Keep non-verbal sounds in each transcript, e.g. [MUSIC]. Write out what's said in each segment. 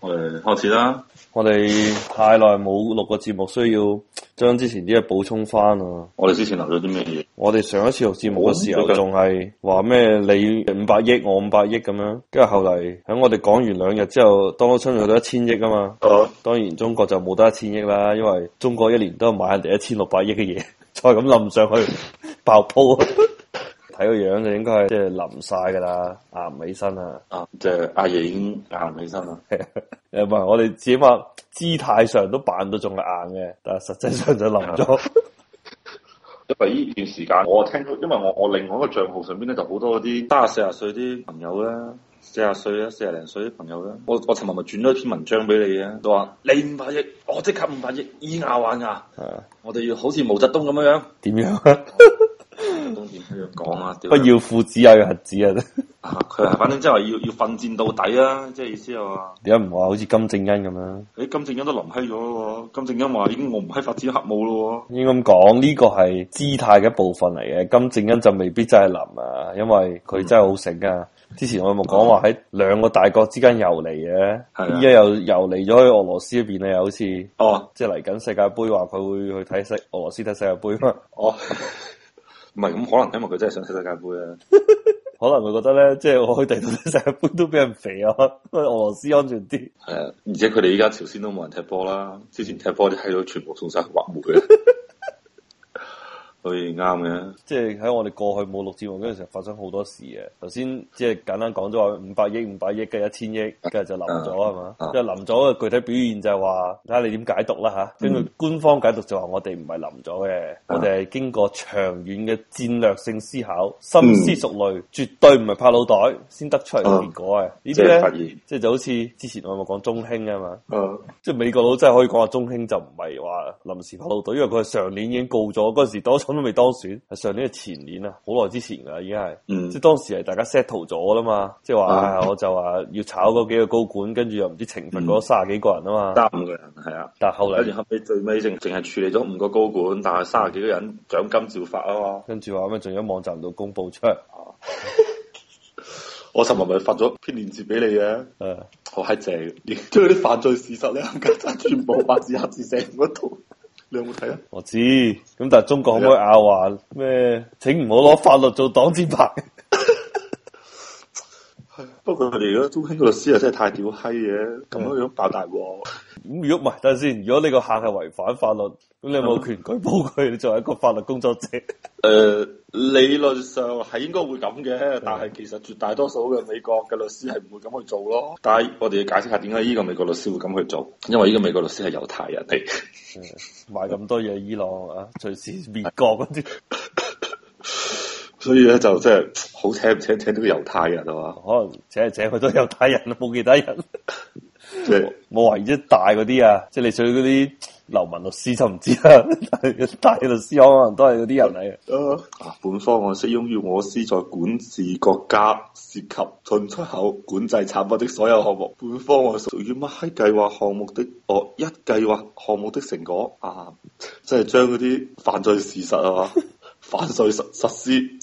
誒，開始啦！我哋太耐冇錄個節目，需要將之前啲嘢補充翻啊！我哋之前留咗啲咩嘢？我哋上一次錄節目嘅時候，仲係話咩？你五百億，我五百億咁樣。跟住後嚟，喺我哋講完兩日之後，當初衝上去一千億啊嘛！哦吧，當然中國就冇得一千億啦，因為中國一年都係買人哋一千六百億嘅嘢，再咁冧上去 [LAUGHS] 爆煲。睇個樣就應該係即係冧晒㗎啦，硬起身啦，啊，即係阿爺已經硬起身啦。誒，唔係我哋只話姿態上都扮到仲係硬嘅，但係實際上就冧咗。 [LAUGHS] [LAUGHS] 因為呢段時間我聽到，因為我我另外一個賬號上邊咧就好多啲三四十歲啲朋友啦，四十歲啦，四廿零歲啲朋友啦，我我尋日咪轉咗一篇文章俾你嘅，都話你五百億，我即刻五百億，以牙還牙，係 [LAUGHS] 我哋要好似毛澤東咁樣樣，點樣？要不要父子啊，要核子啊！佢係、 [LAUGHS] 啊、反正即係要要奮戰到底啊，即、就、係、是、意思係嘛？點解唔話好似金正恩咁樣？誒、欸，金正恩都林閪咗咯，金正恩話已經我唔閪發展核武咯。應該咁講，呢、這個係姿態嘅一部分嚟嘅。金正恩就未必真係林啊，因為佢真係好醒啊。嗯、之前我有冇講話喺兩個大國之間游離嘅、啊？依家、嗯、又游離咗喺俄羅斯嗰邊咧，又好似、嗯、哦，即係嚟緊世界杯，話佢會去睇世俄羅斯睇世界杯哦。唔係咁可能，因為佢真係想踢世界杯啊。 [LAUGHS] 可能佢覺得咧，即係我去第度踢世界杯都俾人肥啊，因為俄羅斯安全啲。係啊，而且佢哋依家朝鮮都冇人踢波啦。之前踢波啲閪度全部送晒去挖煤啊！ [LAUGHS] 佢啱嘅，即係喺我哋過去冇錄節目嗰陣時，發生好多事嘅。頭先即係簡單講咗話五百億、五百億嘅一千億，跟住就冧咗係嘛？即係冧咗嘅具體表現就係話，睇下你點解讀啦吓。根據官方解讀就話，我哋唔係冧咗嘅，我哋係經過長遠嘅戰略性思考、深思熟慮，絕對唔係拍腦袋先得出嚟嘅結果嘅。呢啲咧，即係就好似之前我咪講中興啊嘛，即係美國佬真係可以講話中興就唔係話臨時拍腦袋，因為佢上年已經告咗嗰陣時多。.咁都未當選，上年係前年啊，好耐之前啦，已經係，即係當時係大家 settle 咗啦嘛，即係話，我就話要炒嗰幾個高管，跟住又唔知懲罰嗰卅幾個人啊嘛，得五個人係啊，但係後嚟跟住後尾最尾淨淨係處理咗五個高管，但係卅幾個人獎金照發啊嘛，跟住話咩仲喺網站度公布出嚟，我尋日咪發咗篇鏈接俾你嘅，好黑正，將啲犯罪事實你而家全部八字黑字寫唔得。你有冇睇啊？我知，咁但係中國可唔可以阿話咩？請唔好攞法律做擋箭牌。 [LAUGHS] 不過佢哋如果中間個律師又真係太屌閪嘢，咁、嗯、樣樣爆大鑊。咁如果唔係等陣先，如果呢個客係違反法律，咁、嗯、你有冇權舉報佢？你作為一個法律工作者，誒、呃，理論上係應該會咁嘅，嗯、但係其實絕大多數嘅美國嘅律師係唔會咁去做咯。但係我哋要解釋下點解呢個美國律師會咁去做，因為呢個美國律師係猶太人嚟、嗯，賣咁多嘢伊朗啊，隨時滅國嗰啲。 [LAUGHS] 所以咧就真係好請唔請請啲猶太人啊？可能請唔請佢都猶太人都冇其他人， [LAUGHS] 即係我懷疑大嗰啲啊，即係你除嗰啲流民律師就唔知啦， [LAUGHS] 大律師可能都係嗰啲人嚟。啊，本方案適用於我司在管治國家涉及進出口管制產品的所有項目。本方案屬於乜閪計劃項目的哦，一計劃項目的成果啊，即係將嗰啲犯罪事實啊。 [LAUGHS] 反稅實實施，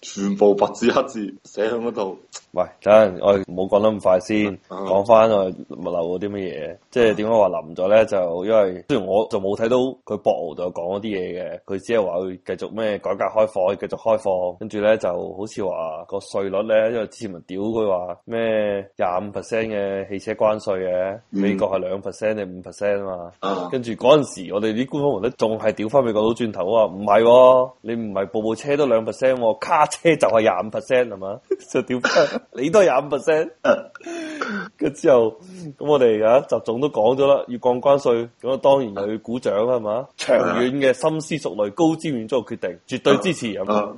全部白字黑字寫響嗰度。喂，等我哋唔好講得咁快先，講翻我物流嗰啲乜嘢，即係點解話淋咗咧？就因為雖然我就冇睇到佢博胡度講嗰啲嘢嘅，佢只係話佢繼續咩改革開放，繼續開放，跟住咧就好似話個稅率咧，因為之前咪屌佢話咩廿五 percent 嘅汽車關稅嘅，啊，美國係兩 percent 定五 percent 啊嘛，跟住嗰陣時我哋啲官方胡咧仲係屌翻美國佬轉頭啊，唔係，哦，你唔係部部車都兩 percent，哦、卡車就係廿五 percent 係嘛，就屌翻。你有、啊、 [LAUGHS] 都廿五 percent，跟之後，咁我哋啊習總都講咗啦，要降關稅，咁啊當然又要去鼓掌啦，係嘛？長遠嘅深思熟慮、高瞻遠矚嘅決定，絕對支持。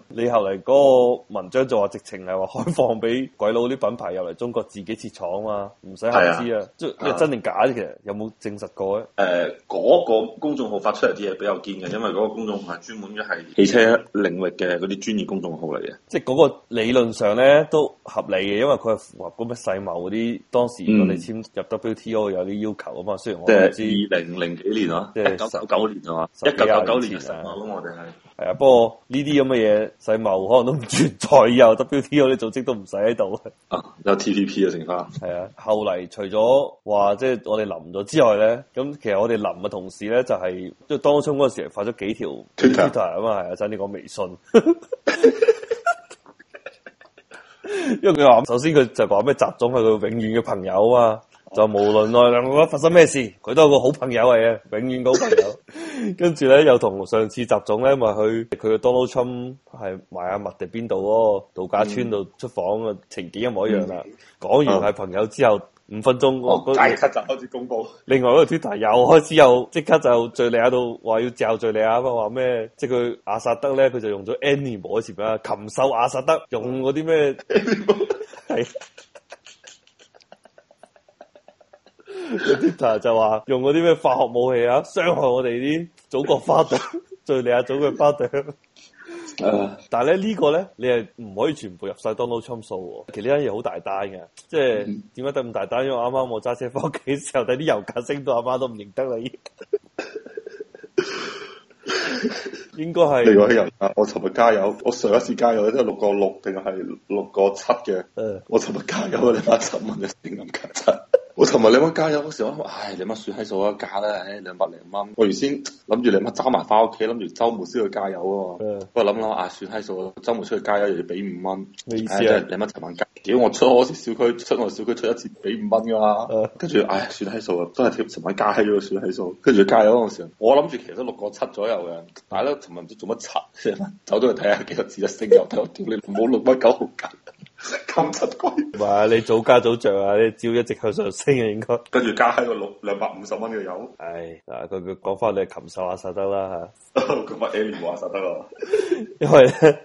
你後嚟嗰個文章就話直情係話開放俾鬼佬啲品牌入嚟中國自己設廠嘛，唔使合資啊，即係真定假嘅？其實有冇證實過咧？誒、啊，嗰、那個公眾號發出嚟啲嘢比較堅嘅，因為嗰個公眾號係專門一係汽車領域嘅嗰啲專業公眾號嚟嘅。即係嗰個理論上咧都合嚟嘅，因為佢係符合嗰個世貿嗰啲當時我哋簽入 WTO 有啲要求啊嘛。雖然我哋唔知二零零幾年啊，即係九九年啊嘛，一九九九年啊嘛，我哋係係啊。不過呢啲咁嘅嘢世貿可能都唔存在、啊，又 WTO 啲組織都唔使喺度啊。有 TPP 嘅情況，係啊。後嚟除咗話即係我哋臨咗之外咧，咁其實我哋臨嘅同時咧，就係即係當初嗰陣時發咗幾條 Twitter 啊嘛，啊，真你講微信。因為佢話，首先佢就話咩，習總係佢永遠嘅朋友啊， [LAUGHS] 就無論內兩個發生咩事，佢都係個好朋友嚟嘅，永遠嘅好朋友。 [LAUGHS] 跟住咧，又同上次習總咧，咪去佢佢嘅 Donald Trump 係埋阿麥迪邊度咯，度假村度出房嘅，嗯、情景一模一樣啦。講、嗯、完係朋友之後。 [LAUGHS] 五分鐘，我即刻就開始公布。另外嗰個 Twitter 又開始又即刻就敘利亞度話要炸敘利亞，不過話咩，即係佢阿薩德咧，佢就用咗 any 武器啦，禽獸阿薩德用嗰啲咩？係 Twitter 就話用嗰啲咩化學武器啊，傷害我哋啲祖國花朵，敘 [LAUGHS] [LAUGHS] 利亞祖國花朵。 [LAUGHS] Uh, 但係咧呢、呢個咧，你係唔可以全部入晒 Donald Trump 數喎。其實呢樣嘢好大單嘅，即係點解得咁大單？因為啱啱我揸車翻屋企時候，睇啲油價升到阿媽都唔認得啦。 [LAUGHS] 應該係另外啲油價，我尋日加油，我上一次加油都係六個六定係六個七嘅。我尋日加油，你八十蚊嘅升咁急增。我尋日你媽加油嗰時候，我諗：唉，你媽算閪數，啊，加啦，唉、哎，兩百零蚊。我原先諗住你媽揸埋翻屋企，諗住周末先去加油喎。嗯、我諗諗，嗯、啊，算閪數，周末出去加油又要俾五蚊。你意思啊？哎就是、你媽尋晚加，屌我出我小區出我小區出，出，出，出，出，出一次俾五蚊噶嘛。跟住、嗯、唉，算閪數、啊、數，都係貼尋晚加咗算閪數。跟住加油嗰陣時，我諗住其實六個七左右嘅，但係咧尋日唔知做乜柒，走咗去睇下幾多字一升油，屌你唔好六蚊九毫吉。咁出龜，唔琴 [LAUGHS] 你早加早漲啊！你朝一直向上升啊，應該跟住加喺個六兩百五十蚊嘅油。唉，嗱，佢佢講翻你擒實下實得啦，咁阿 Amy 冇話實得喎，啊、 [LAUGHS] 因為呢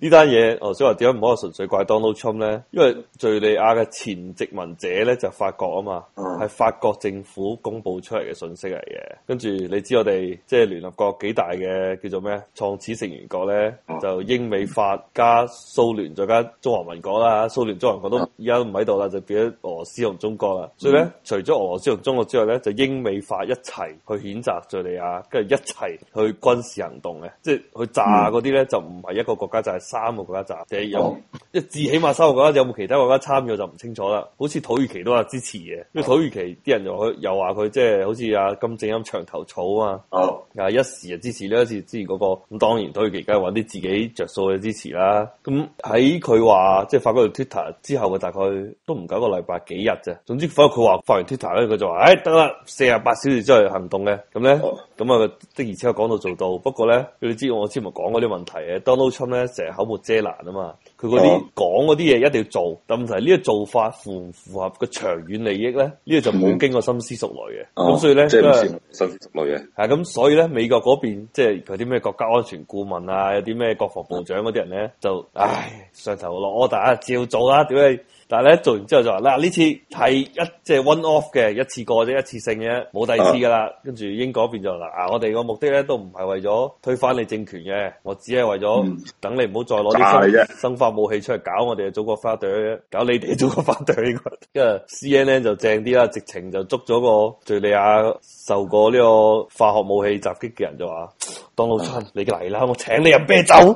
呢單嘢，哦，所以話點解唔可以純粹怪 Donald Trump 咧？因為敘利亞嘅前殖民者咧就是、法國啊嘛，係、嗯、法國政府公布出嚟嘅信息嚟嘅。跟住你知我哋即係聯合國幾大嘅叫做咩啊？創始成員國咧、嗯、就英美法加蘇聯再加中華民國。蘇聯、中作為我都而家唔喺度啦，就變咗俄羅斯同中國啦。所以咧，除咗俄羅斯同中國之外咧，就英美法一齊去譴責敍利亞，跟住一齊去軍事行動嘅，即係去炸嗰啲咧，就唔係一個國家炸，係、就是、三個國家炸。即係有、哦、一至起碼三個國家，有冇其他國家參與就唔清楚啦。好似土耳其都有支持嘅，因為土耳其啲人又話佢又話佢即係好似阿金正恩牆頭草啊，啊、哦、一時啊支持呢，一時支持嗰、那個咁，當然土耳其梗係揾啲自己着數嘅支持啦。咁喺佢話即係。發嗰條 Twitter 之後嘅大概都唔夠個禮拜幾日啫。總之，反正佢話發完 Twitter 咧，佢就話，哎，得啦，四十八小時之後行動嘅。咁咧，咁啊、嗯、的，而且又講到做到。不過咧，你要知我我之前咪講嗰啲問題嘅，Donald Trump 咧成日口沫遮攔啊嘛。佢嗰啲講嗰啲嘢一定要做，但問題呢個做法符唔符合個長遠利益咧？呢、呢個就冇經過深思熟慮嘅。咁、哦、所以咧，即係深思熟慮嘅。係咁，所以咧美國嗰邊即係佢啲咩國家安全顧問啊，有啲咩國防部長嗰啲人咧，就唉上頭攞我哋啊照做啦。點解？但係咧做完之後就話嗱，呢次係一即係、就是、one off 嘅一次過啫，一次性嘅冇第二次噶啦。啊、跟住英國嗰邊就嗱、啊，我哋個目的咧都唔係為咗推翻你政權嘅，我只係為咗等你唔好再攞啲生生化新化武器出嚟搞我哋嘅祖國花朵，搞你哋嘅祖國花朵呢個，因為 CNN 就正啲啦，直情就捉咗個敘利亞受過呢個化學武器襲擊嘅人就話，當老襯，你嚟啦，我請你飲啤酒。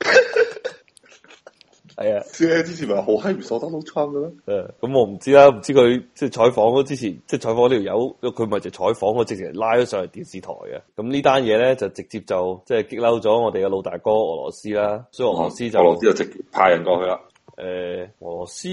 [LAUGHS] 係啊，C A 之前咪好閪 a p 得碌窗嘅咩？誒，咁我唔知啦，唔知佢即係採訪之前，即係採訪呢條友，佢咪就採訪我直情拉咗上嚟電視台嘅。咁呢單嘢咧就直接就即係激嬲咗我哋嘅老大哥俄羅斯啦，所以俄羅斯就俄羅斯就直接派人過去啦。嗯嗯嗯嗯嗯嗯。誒、呃，俄羅斯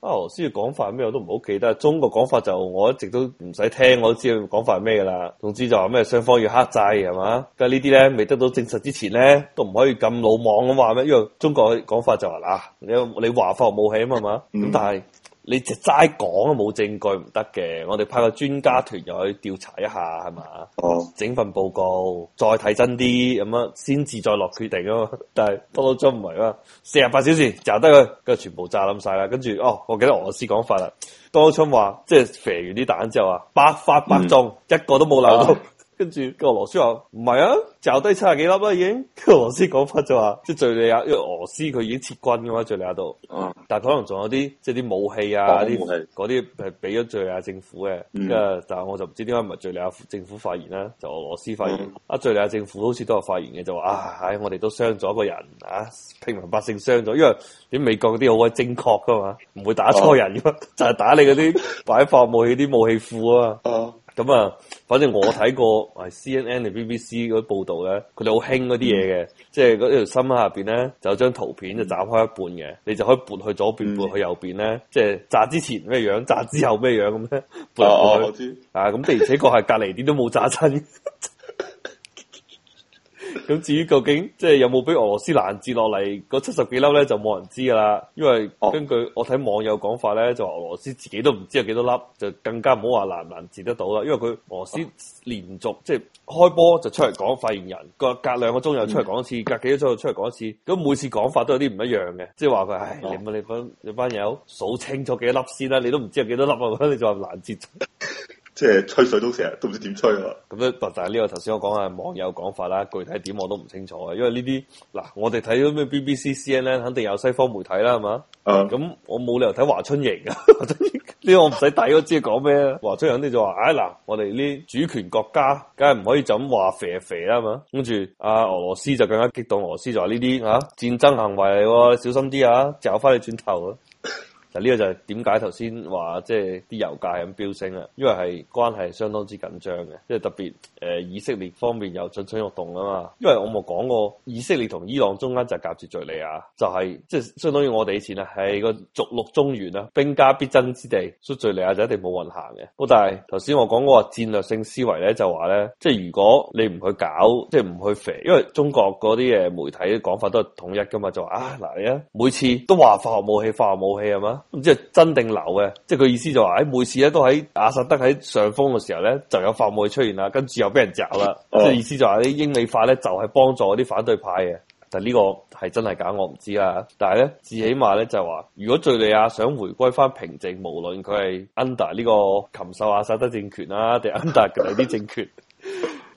啊、哦，俄羅斯嘅講法係咩？我都唔好記得。中國講法就我一直都唔使聽，我都知佢講法係咩啦。總之就話咩，雙方要克制係嘛。咁呢啲咧未得到證實之前咧，都唔可以咁魯莽咁話咩。因為中國嘅講法就話嗱、啊，你你華化武器啊嘛係嘛，咁、嗯、但係。你就齋講啊，冇證據唔得嘅。我哋派個專家團友去調查一下，係嘛？哦，oh. 整份報告再睇真啲咁樣，先至再落決定嘛。但係 [LAUGHS] 多多春唔係啊，四十八小時炸得佢，跟住全部炸冧晒啦。跟住哦，我記得俄羅斯講法啦，多，多春話即係肥完啲彈之後啊，百發百中，mm. 一個都冇漏到。 [LAUGHS] 跟住個俄羅斯話唔係啊，就低七十幾粒啦已經。個俄羅斯講法就話，即係敍利亞，因為俄羅斯佢已經撤軍噶嘛，敍利亞度。嗯。但係可能仲有啲即係啲武器啊，啲嗰啲係俾咗敍利亞政府嘅。嗯。但係我就唔知點解唔係敍利亞政府發言啦，就俄羅斯發言。啊、嗯，敍利亞政府好似都有發言嘅，就話啊，唉、哎，我哋都傷咗個人啊，平民百姓傷咗，因為啲美國嗰啲好鬼正確噶嘛，唔會打錯人噶嘛，就係打你嗰啲擺化武器、啲武器庫啊嘛。啊。咁啊，反正我睇過係 C N N 同 B B C 嗰啲報道咧，佢哋好興嗰啲嘢嘅，嗯、即係嗰條新聞下邊咧就有張圖片，就打開一半嘅，你就可以撥去左邊，嗯、撥去右邊咧，即係炸之前咩樣，炸之後咩樣咁咧、啊，我知，啊咁，而且個係隔離啲都冇炸親。 [LAUGHS] 咁至於究竟即係有冇俾俄羅斯攔截落嚟嗰七十幾粒咧，就冇人知噶啦。因為根據我睇網友講法咧，就俄羅斯自己都唔知有幾多粒，就更加唔好話攔唔攔截得到啦。因為佢俄羅斯連續即係開波就出嚟講，發言人隔隔兩個鐘又出嚟講一、嗯、一次，隔幾多鐘又出嚟講一次。咁每次講法都有啲唔一樣嘅，即係話佢唉，你問你嗰你班友數清楚幾多粒先啦？你都唔知有幾多粒啊！你仲話攔截？即係吹水都成日，都唔知點吹啊！咁咧，但係呢個頭先我講係網友講法啦，具體點我都唔清楚啊。因為呢啲嗱，我哋睇咗咩 BBC、CNN 咧，肯定有西方媒體啦，係嘛？咁、嗯、我冇理由睇華春瑩啊！呢 [LAUGHS] 我唔使睇，我知講咩啊？華春瑩呢就話，唉嗱，我哋呢啲主權國家，梗係唔可以咁話肥，肥啊肥啊嘛。跟住阿俄羅斯就更加激動，俄羅斯就話呢啲吓戰爭行為，小心啲啊，嚼翻你轉頭啊！呢個就係點解頭先話即係啲油價咁飆升啦？因為係關係相當之緊張嘅，即係特別誒、呃、以色列方面又蠢蠢欲動啊嘛。因為我冇講過以色列同伊朗中間就夾住敍利亞，就係、是就是、即係相當於我哋以前啦，係個逐鹿中原啦，兵家必爭之地。所以敍利亞就一定冇運行嘅。好，但係頭先我講嗰個戰略性思維咧，就話咧，即係如果你唔去搞，即係唔去肥，因為中國嗰啲誒媒體講法都係統一噶嘛，就話啊嗱，你啊每次都話化學武器、化學武器啊嘛。咁即係真定流嘅，即係佢意思就話喺每次咧都喺阿薩德喺上風嘅時候咧就有反叛出現啦，跟住又俾人襲啦。即係、oh. 意思就話啲英美法咧就係幫助啲反對派嘅，但係呢個係真係假的我唔知啦。但係咧至起碼咧就話，如果敘利亞想回歸翻平靜，無論佢係 under 呢個禽獸阿薩德政權啦，定 under 佢哋啲政權。 [LAUGHS]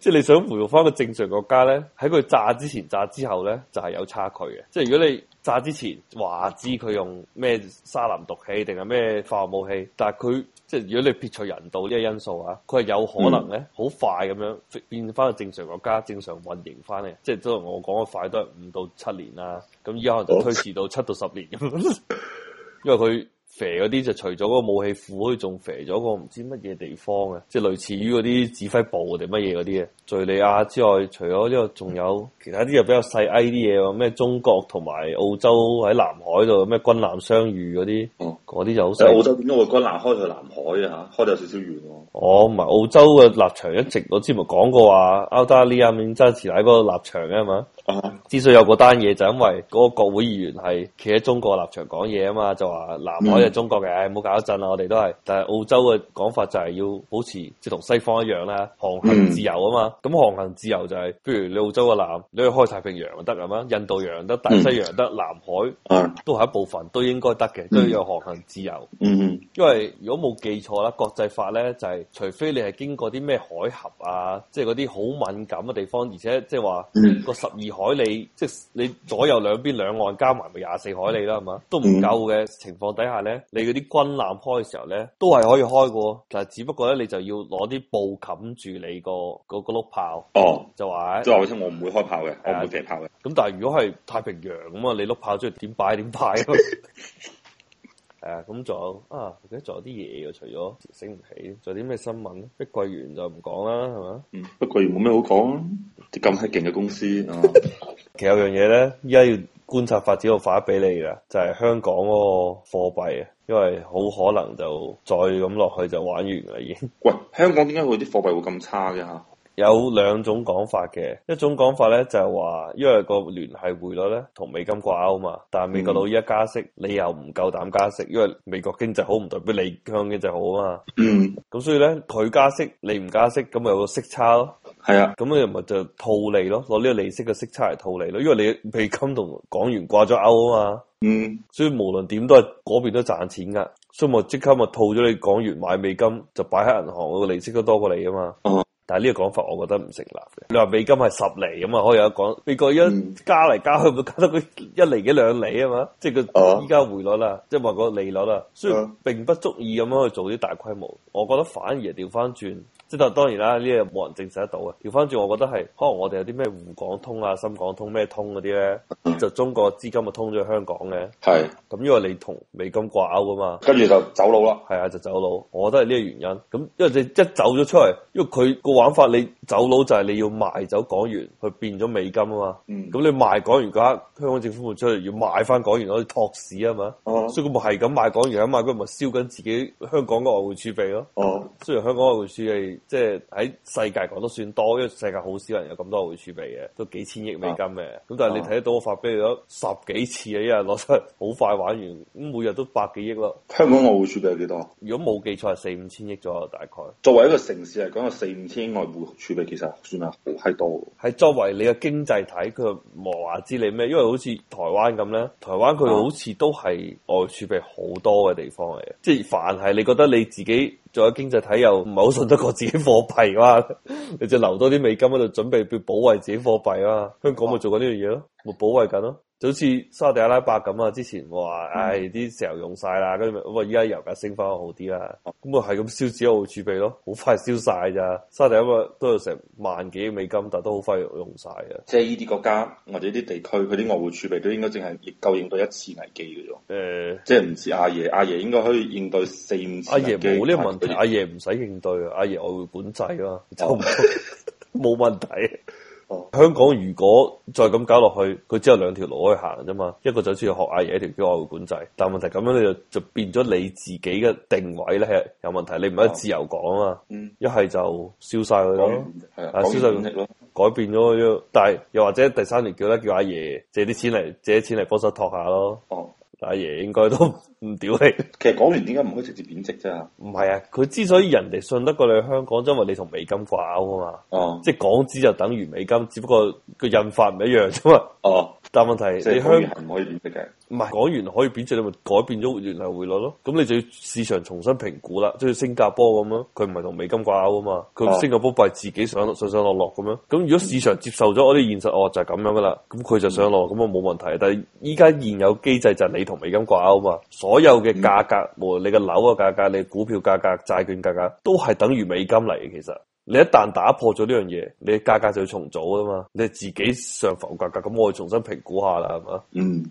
即係你想回復翻個正常國家咧，喺佢炸之前、炸之後咧，就係、是、有差距嘅。即係如果你炸之前話知佢用咩沙林毒氣定係咩化學武器，但係佢即係如果你撇除人道呢個因素啊，佢係有可能咧好快咁樣變翻個正常國家、正常運營翻嚟。嗯、即係都我講嘅快都係五到七年啦。咁依家可能就推遲到七到十年咁， [LAUGHS] 因為佢。肥嗰啲就除咗嗰個武器庫，好似仲肥咗個唔知乜嘢地方啊！即係類似於嗰啲指揮部定乜嘢嗰啲啊，敘利亞之外，除咗呢個，仲有其他啲又比較細 I 啲嘢喎，咩中國同埋澳洲喺南海度，咩軍艦相遇嗰啲，哦，嗰啲就好細。澳洲點解會軍艦開到南海啊，吓開得有少少遠喎。哦，唔係澳洲嘅立場一直，我之前咪講過話，澳大利亞面揸住喺嗰個立場嘅係嘛。之所以有嗰單嘢，就因為嗰個國會議員係企喺中國立場講嘢啊嘛，就話南海係中國嘅，冇、嗯哎、搞一陣啦，我哋都係。但係澳洲嘅講法就係要保持即係同西方一樣啦，航行自由啊嘛。咁、嗯、航行自由就係、是，譬如你澳洲嘅南，你去開太平洋就得啦嘛，印度洋得，大西洋得，南海都係一部分，都應該得嘅，都有航行自由。嗯，嗯因為如果冇記錯啦，國際法咧就係、是，除非你係經過啲咩海峽啊，即係嗰啲好敏感嘅地方，而且即係話個十二。嗯嗯海里，即係你左右兩邊兩岸加埋咪廿四海里啦，係嘛都唔夠嘅情況底下咧，你嗰啲軍艦開嘅時候咧，都係可以開嘅，但係只不過咧，你就要攞啲布冚住你、嗰個、嗰個碌炮，哦，就話說，即係話起身我唔會開炮嘅，啊、我唔會劈炮嘅，咁但係如果係太平洋咁啊，你碌炮出去點擺點擺啊？ [LAUGHS] 係啊，咁仲啊，仲有啲嘢嘅，除咗醒唔起，仲有啲咩新聞咧？碧桂園就唔講啦，係嘛？嗯，碧桂園冇咩好講，啲咁閪勁嘅公司。 [LAUGHS] 吧其實有樣嘢咧，依家要觀察發展度，發一畀你㗎，就係、是、香港嗰個貨幣，因為好可能就再咁落去就玩完啦已經。 [LAUGHS] 喂，香港點解佢啲貨幣會咁差嘅吓？有兩種講法嘅，一種講法咧就係、是、話，因為個聯繫匯率咧同美金掛鈎嘛，但係美國佬依家加息，嗯、你又唔夠膽加息，因為美國經濟好唔代表你香港經濟好啊嘛。嗯，咁所以咧佢加息，你唔加息，咁咪有個息差咯。係啊，咁你咪就,就套利咯，攞呢個利息嘅息差嚟套利咯。因為你美金同港元掛咗鈎啊嘛。嗯所，所以無論點都係嗰邊都賺錢噶，所以咪即刻咪套咗你港元買美金，就擺喺銀行個利息都多過你啊嘛。嗯但係呢個講法，我覺得唔成立嘅。你話美金係十厘咁嘛？可以有講？美國一加嚟加去，會加多佢一厘幾兩厘啊嘛？即係佢依家匯率啦，即係話個利率啦、啊。雖然並不足以咁樣去做啲大規模，我覺得反而係調翻轉。即係當然啦，呢啲冇人證實得到嘅。調翻轉，我覺得係可能我哋有啲咩滬港通啊、深港通咩通嗰啲咧， [COUGHS] 就中國資金咪通咗去香港嘅。係是。咁因為你同美金掛鈎㗎嘛，跟住就走佬啦。係啊，就走佬。我覺得係呢個原因。咁因為你一走咗出嚟，因為佢個玩法，你走佬就係你要賣走港元去變咗美金啊嘛。咁、嗯、你賣港元嗰一刻，香港政府會出嚟要賣翻港元啲托市啊嘛。哦、嗯。所以佢咪係咁賣港元啊嘛，佢咪燒緊自己香港嘅外匯儲備咯。哦、嗯。嗯、雖然香港外匯儲係。即係喺世界講都算多，因為世界好少人有咁多外儲備嘅，都幾千億美金嘅。咁、啊、但係你睇得到我發俾你咗十幾次啊，一日攞出好快玩完，咁每日都百幾億咯。香港外匯儲備有幾多？如果冇記錯係四五千億左右，大概。作為一個城市嚟講，啊四五千億外匯儲備其實算係好閪多。係作為你嘅經濟體佢無話之你咩？因為好似台灣咁咧，台灣佢好似都係外儲備好多嘅地方嚟嘅，啊、即係凡係你覺得你自己。仲有經濟體又唔係好信得過自己貨幣啊。 [LAUGHS] 你就留多啲美金喺度準備去保衞自己貨幣啊。香港有冇做過呢樣嘢咯？冇、就是、保衞緊咯。就好似沙特阿拉伯咁啊，之前話唉啲石油用晒啦，跟住喂依家油價升翻好啲啦，咁啊係咁燒自己外匯儲備咯，好快燒晒咋？沙特啊，都有成萬幾美金，但都好快用晒啊！即係呢啲國家或者呢啲地區，佢啲外匯儲備都應該淨係夠應對一次危機嘅啫。誒、欸，即係唔似阿爺，阿爺應該可以應對四五次危機。阿爺冇呢個問題，是阿爺唔使應對，阿爺外匯管制咯，就冇 [LAUGHS] 問題。哦、香港如果再咁搞落去，佢只有兩條路可以行啫嘛，一個就係需要學阿爺一條叫外匯管制。但問題咁樣你就就變咗你自己嘅定位咧係有問題，你唔可以自由講啊嘛，一係、哦嗯、就燒晒佢咯，係啊，燒晒佢咯，啊、變改變咗，啊、但係又或者第三年叫咧叫阿爺借啲錢嚟借啲錢嚟幫手托下咯。哦。阿爺應該都唔屌你。其實講完點解唔可以直接貶值啫？唔係啊，佢之所以人哋信得過你香港，因為你同美金掛鈎啊嘛。哦，嗯、即係港紙就等於美金，只不過個印法唔一樣啫嘛。哦。嗯但問題港，你香唔可以貶值嘅，唔係講完可以貶值，你咪改變咗原行匯率咯。咁你就要市場重新評估啦，即係新加坡咁咯，佢唔係同美金掛鈎啊嘛。佢新加坡幣自己上上上落落咁樣。咁如果市場接受咗我啲現實哦，就係、是、咁樣噶啦。咁佢就上落，咁啊冇問題。但係依家現有機制就係你同美金掛鈎啊嘛，所有嘅價格和、嗯、你嘅樓嘅價格、你股票價格、債券價格都係等於美金嚟嘅其啫。你一旦打破咗呢樣嘢，你價格就要重組啊嘛，你自己上浮價格，格，咁我哋重新評估下啦，係嘛？嗯。